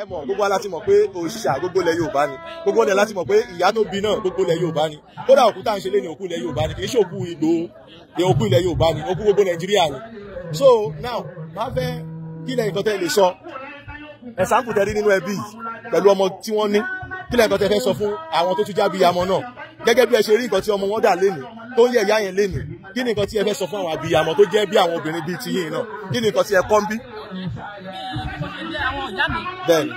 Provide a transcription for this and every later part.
ẹ mọ̀ gbogbo aláti mọ̀ pé òòṣà gbogbo ilẹ̀ Yorùbá ni gbogbo ilẹ̀ láti mọ̀ pé ìyá tó bí náà gbogbo ilẹ̀ Yorùbá ni kódà òkú tá à ń ṣe lé ní òkú ilẹ̀ Yorùbá ni kì í ṣe òkú Ìgbòho òkú ilẹ̀ Yorùbá ni òkú gbogbo Nàìjíríà ni so now máa fẹ́ kí lẹ́yìn kan tẹ́ lè sọ ẹ̀sánpù tẹ́ rí nínú ẹbí pẹ̀lú ọmọ tí wọ́n ní kí lẹ́yìn kan tẹ́ fẹ́ sọ fún àwọn tó tún jábí amọ náà gẹ́gẹ́ bí ẹ ṣe rí nǹkan tí ọmọ wọn dà lénìí tó ń yẹ̀ ìyá yẹn lénìí kí ni nǹkan tí ẹ fẹ́ sọ fún àwọn àbíyamọ tó jẹ́ bí àwọn obìnrin bíi tiyín náà kí ni nǹkan tí ẹ kọ́ ń bí dàbí. bẹ́ẹ̀ni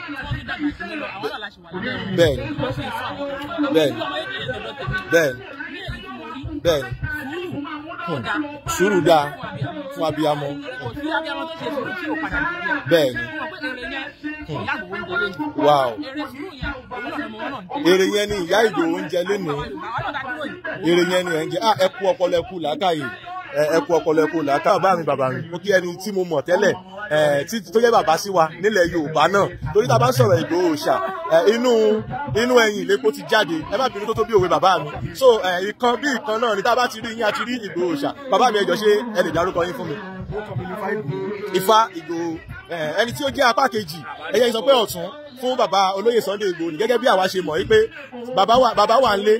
bẹ́ẹ̀ni bẹ́ẹ̀ni bẹ́ẹ̀ni bẹ́ẹ̀ni sùúrù fún abiyamọ. bẹ́ẹ̀ni wow èrè yẹn ni ìyá Ìjòyè ń jẹ lénìí èrè yẹn ni ẹ ń jẹ ah, ẹ kú ọpọlọ ẹ kú làákàyè ẹ kú ọpọlọ ẹ kú làákà bàbá mi bàbá mi mo kí ẹni tí mo mọ̀ tẹ́lẹ̀ tó jẹ́ bàbá sí wa nílẹ̀ Yorùbá náà torí tá a bá ń sọ̀rọ̀ Ìgbòho Òòṣà inú inú ẹ̀yìn lẹ́kọ́ ti jáde ẹ má bínú tó tó bí òwe bàbá mi so ìkan bí ìkan náà ni tá a bá ti rí yín a ti rí Ìgbòho Òòṣà bàbá mi ẹ jọ̀ọ́ ṣé ẹ lè dárúkọ yín fún mi. Ifá Ìgbòho ẹni tí ó jẹ́ apá kejì ẹ jẹ́ sọ pé ọ̀tún fún bàbá olóyè Sunday Ìgbòho gẹ́gẹ́ bí àwa ṣe mọ̀ wípé bàbá wà ń lé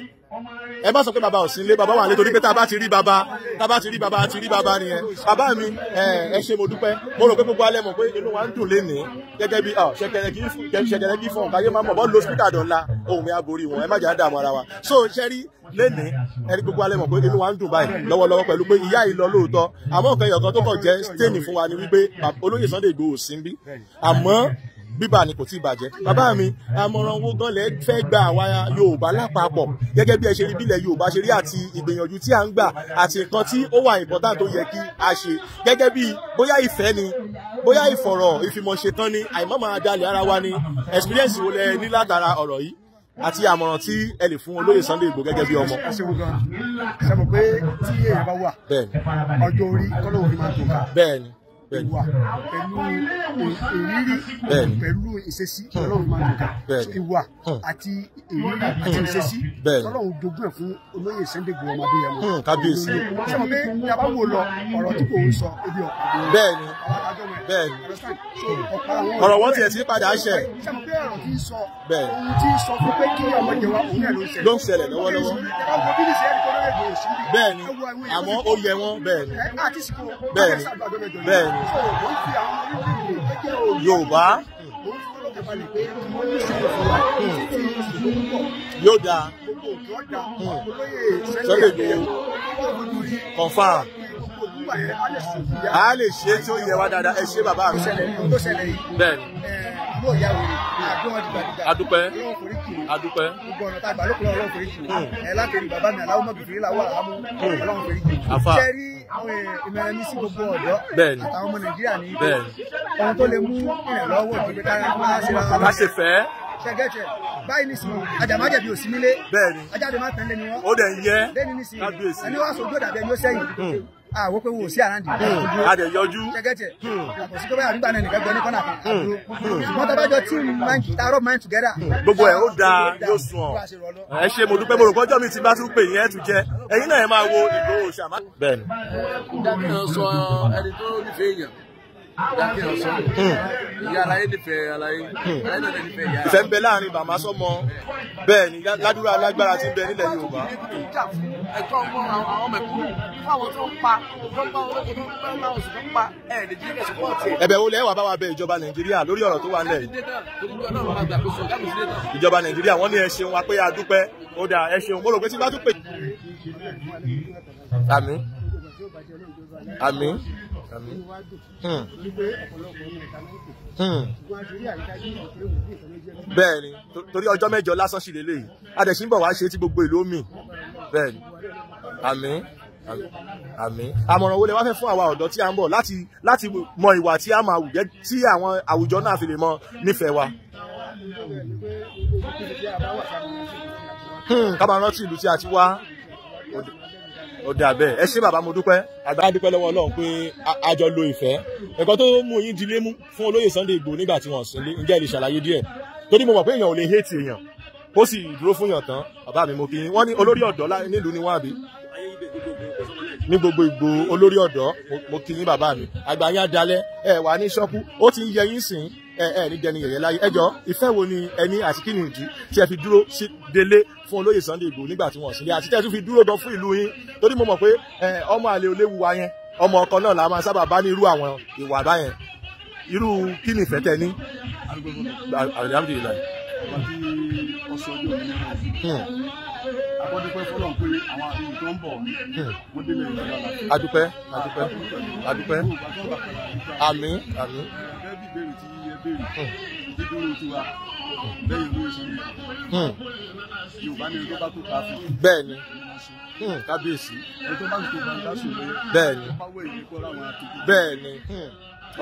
ẹ bá sọ pé bàbá ò sí ilé bàbá wà lé torí pé tá a bá ti rí bàbá tá a bá ti rí bàbá a ti rí bàbá nìyẹn bàbá mi ẹ ṣe mo dúpẹ́ mo rò pé gbogbo alẹ́ mọ̀ pé inú wa ń dùn lénìí gẹ́gẹ́ bí ah, ṣẹkẹrẹ kí fún ọ̀káyé máa mọ̀ bọ́ lo spíkà dọ̀la ohun mi á borí wọn ẹ má jà á dààmú ara wa so ṣe rí lénìí ẹni gbogbo alẹ́ mọ̀ pé inú wa ń dùn báyìí lọ́wọ́lọ́wọ́ pẹ̀lú pé ìyá yìí lọ lóòótọ́ àmọ́ nǹkan ẹ̀yọ̀kan tó kàn jẹ́ stain fún wa ni wípé olóyè Sunday Igboho sí ń bí bíbà ni kò tí ì bàjẹ́ bàbá mi àmọ̀ràn wo gan lẹ fẹ́ gba àwa Yorùbá lápapọ̀ gẹ́gẹ́ bí ẹ ṣe rí bílẹ̀ Yorùbá ṣe rí àti ìgbìyànjú tí à ń gbà àti nǹkan tí ó wà important tó yẹ kí a ṣe gẹ́gẹ́ bí bóyá ìfẹ́ ni bóyá ìfọ̀rọ̀ ìfimọ̀ṣetán ni àìmọ́ máa dalẹ̀ ara wa ni experience wo lẹ ní látara ọ̀rọ̀ yìí àti àmọ̀ràn tí ẹ lè fún olóyè Sunday Igboho gẹ́gẹ́ bí ọmọ. ẹ ṣeun gan ṣe mọ̀ pé tí èèyàn bá wà ọjọ́ orí kọ́lọ́wọ́ fi máa tó ká. bẹ́ẹ̀ni ìwà pẹ̀lú ìrírí pẹ̀lú ìṣesí hmm. ọlọ́run máa ń ga ìwà hmm. àti ìrírí àti hmm. ìṣesí ọlọ́run dogun ẹ̀ fún olóyè Sunday Igboho Adéyẹmọ. kábíyèsí. ṣé mo pé yàrá wo lọ ọ̀rọ̀ tí kò ń sọ ebi ọ̀pá. bẹ́ẹ̀ni bẹ́ẹ̀ni ọ̀rọ̀ wọn tiẹ̀ ti padà ṣẹ. ṣé mo pé ọ̀rọ̀ tí ń sọ ohun tí ń sọ fún pé kí ọmọ ìjọba òun náà ló ń Yorùbá hmm. yóò dáa sọ́dọ̀ ìgbòho a lè ṣe tí ó yẹ wá dáadáa ẹ ṣe bàbá mi bẹ́ẹ̀ adúpẹ́ adúpẹ́ gbogbo ọ̀nà tá a gbà lókun ọlọ́run fèrè jù ẹ látẹ̀rí bàbá mi aláwọ̀ mọ̀bì fèrè làwọn àhámú hmm. ọlọ́run fèrè jù ṣe rí àwọn ìmọ̀ràn mi sí gbogbo ọ̀dọ́ àtàwọn ọmọ nàìjíríà ní ohun tó lè mú ìrànlọ́wọ́ ìdílé kára máa ṣe ra wọn. ṣẹgẹtẹ báyìí ní sinmi àjàmájẹ bí òsínmílé ajáde má tẹ́lẹ̀ ni wọn. ó dẹ̀ ń yẹ kábíyèsí ẹni wàá sọ ojú ọ̀dà bẹ́ẹ̀ ni ó sẹ́yìn. Hmm àwọn ah, pé wò sí àrándì. Hmm. Hmm. a dẹ̀ yọjú. gẹ́gẹ́tẹ̀ yàtọ̀ hmm. sí pé báyà nígbà náà nìkan gbẹ ní kọ́nà kan. wọ́n tọ́jọ́ tí tààrọ̀ mind together. gbogbo ẹ̀ ó dáa yóò sùn ọ̀. ẹ ṣe mo dúpẹ́ mo rò pọ́jọ́ mi ti bá tún pè yín tún jẹ́ ẹ̀yin náà ẹ máa wo Ìgbòho ṣàmá. bẹ́ẹ̀ni. dákẹ́ sọ ẹni tó nífẹ̀ẹ́ èèyàn Hmm. ìyá aláyé hmm. ìfẹ́ ń bẹ láàrin màmá sọ́mọ bẹ́ẹ̀ ni ládùúrà alágbára ti bẹ nílẹ̀ Yorùbá. ẹ̀tọ́ ọmọ àwọn ọmọ bá wa bẹ ìjọba Nàìjíríà lórí ọ̀rọ̀ tó wà nílẹ̀ yìí. ìjọba Nàìjíríà wọ́n ní ẹ wa pé a ó dà ẹ mo rò pé tí bá tún pè. àmín àmín bẹ́ẹ̀ ni torí ọjọ́ mẹ́jọ lásán sì lélẹ́yìí adẹ̀sí ń bọ̀ wá ṣe tí gbogbo ìlú mi bẹ́ẹ̀ ni àmín àmín àmọ̀ràn wo lẹ wá fẹ́ fún àwa ọ̀dọ́ tí a ń bọ̀ láti láti mọ ìwà tí a máa wù jẹ́ tí àwọn àwùjọ náà fi lè mọ nífẹ̀ẹ́ wa. Hmm, ká máa rántí ìlú tí a ti wá ó dà bẹ́ẹ̀ ẹ ṣé bàbá mo dúpẹ́ àgbà dúpẹ́ lọ́wọ́ Ọlọ́run pé àjọ lo ìfẹ́ ẹ̀kọ́ tó mú yín dilé mú fún olóyè Sunday Igboho nígbà tí wọ́n sí ilé ǹjẹ́ lè ṣàlàyé díẹ̀ torí mo mọ̀ pé èèyàn ò lè hate èèyàn ó sì dúró fún yàn tán bàbá mi mo kí wọ́n ní olórí ọ̀dọ́ nílùú ni wọ́n àbí ní gbogbo ìgbò olórí ọ̀dọ́ mo kí bàbá mi àgbà yín adalẹ́ ẹ wà ní ṣọ́kú ó ti ń yẹ yín sìn ẹ ẹ ní dẹni yẹ̀yẹ́ láyé ẹjọ́ ìfẹ́ wo ni ẹni àti kí ni ìdí tí ẹ fi dúró sí délé fún olóyè Sunday Igboho nígbà tí wọ́n sílé àti tẹ́ tún fi dúró gan fún ìlú yín torí mo mọ̀ pé ọmọ àlè oléwu wa yẹn ọmọ ọkọ náà la máa sábà bá ní irú àwọn ìwà báyẹn irú kí ni ìfẹ́ tẹ ní. alhamdulilayi. Hmm mo dúpẹ́ fọlọ́n pé àwọn àrùn tó ń bọ̀ mo délé ìjọba la. adúpẹ́ adúpẹ́ adúpẹ́ àmín àmín. bẹ́ẹ̀ bí ìbéèrè tí ẹ béèrè dídúró hmm. tiwa lẹ́yìn owó ìṣẹ̀lẹ̀ hmm. yorùbá ni tó bá tó ta fún. bẹ́ẹ̀ni hmm. kábíyèsí. ètò bá tó ta káṣù lé. bẹ́ẹ̀ni bẹ́ẹ̀ni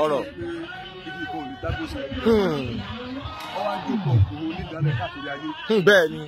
ọ̀rọ̀. bẹ́ẹ̀ni.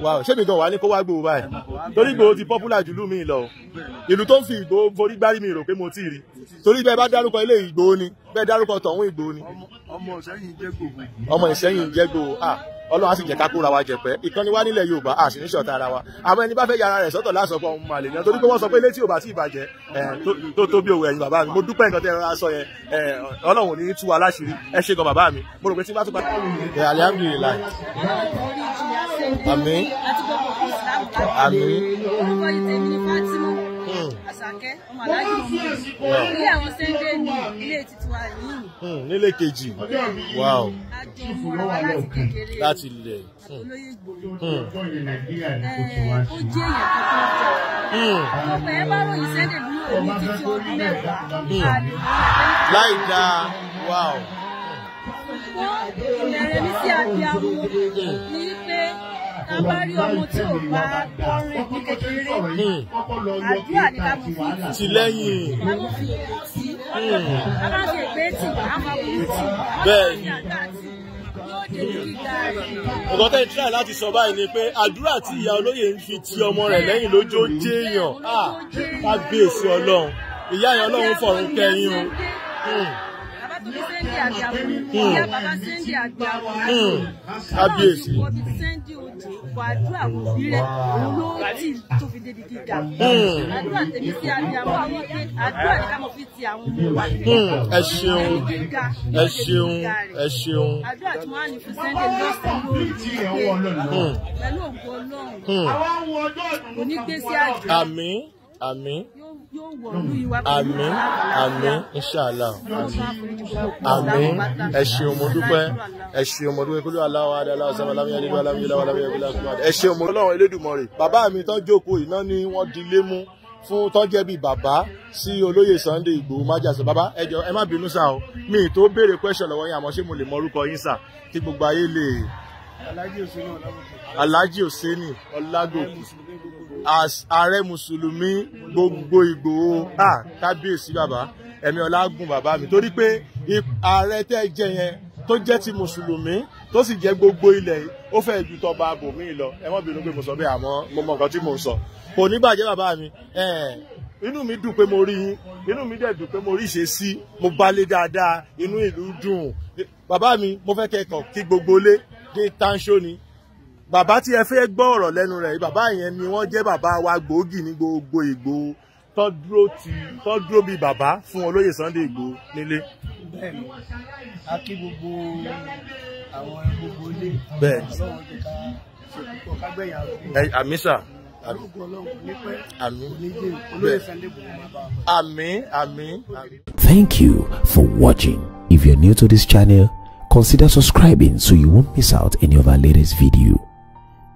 wow ṣé mi gan wà ní kó wá gbòó báyìí torí gbòó ti popular jù lù mí lọ ìlú tó ń fi ìgbòho borí gbárí mi rò pé mo ti rí torí bẹ́ẹ̀ bá dárúkọ ilé ìgbòho ni bẹ́ẹ̀ dárúkọ tọ̀hún ìgbòho ni. ọmọ ìṣẹ́yìn jẹ́ gbòho. ọmọ ìṣẹ́yìn jẹ́ gbòho ah ọlọ́run á sì jẹ́ ká kóra wa jẹ̀pẹ́ ìkànnì wa nílẹ̀ yorùbá a sì ní ṣọ̀tá ara wa àwọn ẹni bá fẹ́ yàrá rẹ̀ sọ́tọ̀ láàsọ fún ọmọ àlè náà torí pé wọ́n sọ pé létí ò bá tí ì bàjẹ́ tó tóbi òwe ẹ̀yin bàbá mi mo dúpẹ́ nǹkan tẹ́ ẹ rọra sọ yẹn ọlọ́run ò ní tú wa láṣìírí ẹ ṣe gan bàbá mi mo rò pé tí bá tún bá. alihamdulilayi. Amen. Amen. orúkọ yìí tèmi ni Fatima Àṣàkẹ́ ọmọ aláàjì ọmọ ilé àwọn sẹ́ńdé ní ilé tiwa yìí. nílé kejì wow. àjọ mọ́ra láti kékeré láti ilẹ̀ olóyè ìgbòho. ó jẹ́ èèyàn kankan jọ. ọmọ ẹ bá ròyìn sẹ́ńdé lúlò ní títí ọdún mẹ́wàá. láì dáa wow. ṣùgbọ́n ìbẹ̀rẹ̀ mi sí àbí àwọn ní ká hmm. nǹkan tẹ́ ń tíra láti sọ báyìí ni pé àdúrà tí ìyá olóyè ń fi ti ọmọ rẹ̀ lẹ́yìn lójó jéèyàn ah, ká gbé èsì ọlọ́run ìyá ìyá ọlọ́run fọ̀run kẹ́yìn o. Hmm àgbàwọ̀ hmm. ìyá hmm. hmm. kábíyèsí ẹ ṣeun ẹ ṣeun ẹ ṣeun àdúrà tí yóò wọ̀ Inshallah. ìwà pẹ̀lú àmín àmín inṣàlá àmín ẹ ṣé mo dúpẹ́ ẹ ṣé mo dúpẹ́ kúlú aláwọ̀ adáláwọ̀ sábà lámìyàn nílùú alámìyàn láwọ̀ lámìyàn nílùú alámìyàn ẹ ṣé bàbá mi tán iná ni wọ́n di lé mú fún tọ́jẹ́ bíi bàbá sí olóyè Sunday Igboho májàsọ bàbá ẹ jọ̀ọ́ ẹ má bínú sá o mi tó béèrè question lọ́wọ́ yín àmọ́ ṣé mo lè mọ orúkọ yín sá as ààrẹ mùsùlùmí gbogbo ìgbòho à kábíyèsí bàbá ẹ̀mí ọlágùn bàbá mi torí pé ààrẹ tẹ́ jẹ yẹn tó jẹ́ ti mùsùlùmí tó sì jẹ́ gbogbo ilẹ̀ ó fẹ́ ju tọba abòmí lọ ẹ má bínú pé mo sọ bẹ́ẹ̀ àmọ́ mo mọ nǹkan tí mo ń sọ kò ní bàjẹ́ bàbá mi inú mi dùn pé mo rí yín inú mi dẹ̀ dùn pé mo rí ìṣesí mo balé dáadáa inú ìlú dùn bàbá mi mo fẹ́ kẹ́kọ̀ọ́ kí gbogbo lé dé tánṣó ni bàbá tí ẹ fẹ́ gbọ́ ọ̀rọ̀ lẹ́nu rẹ̀ bàbá yẹn ni wọ́n jẹ́ bàbá wa gbòógì ní gbogbo Ìgbòho tó bíi bàbá fún olóyè Sunday Ìgbòho nílé. bẹ́ẹ̀ni a kí gbogbo àwọn gbogbo ilé bẹ́ẹ̀ni Ọlọ́run jẹ ká ṣètò kágbẹyà rẹ. Thank you for watching. If you're new to this channel, consider subscribing so you won't miss out any of our latest videos.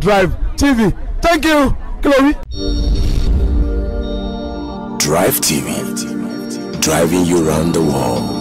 drive tv thank you kí drive tv driving you round the world.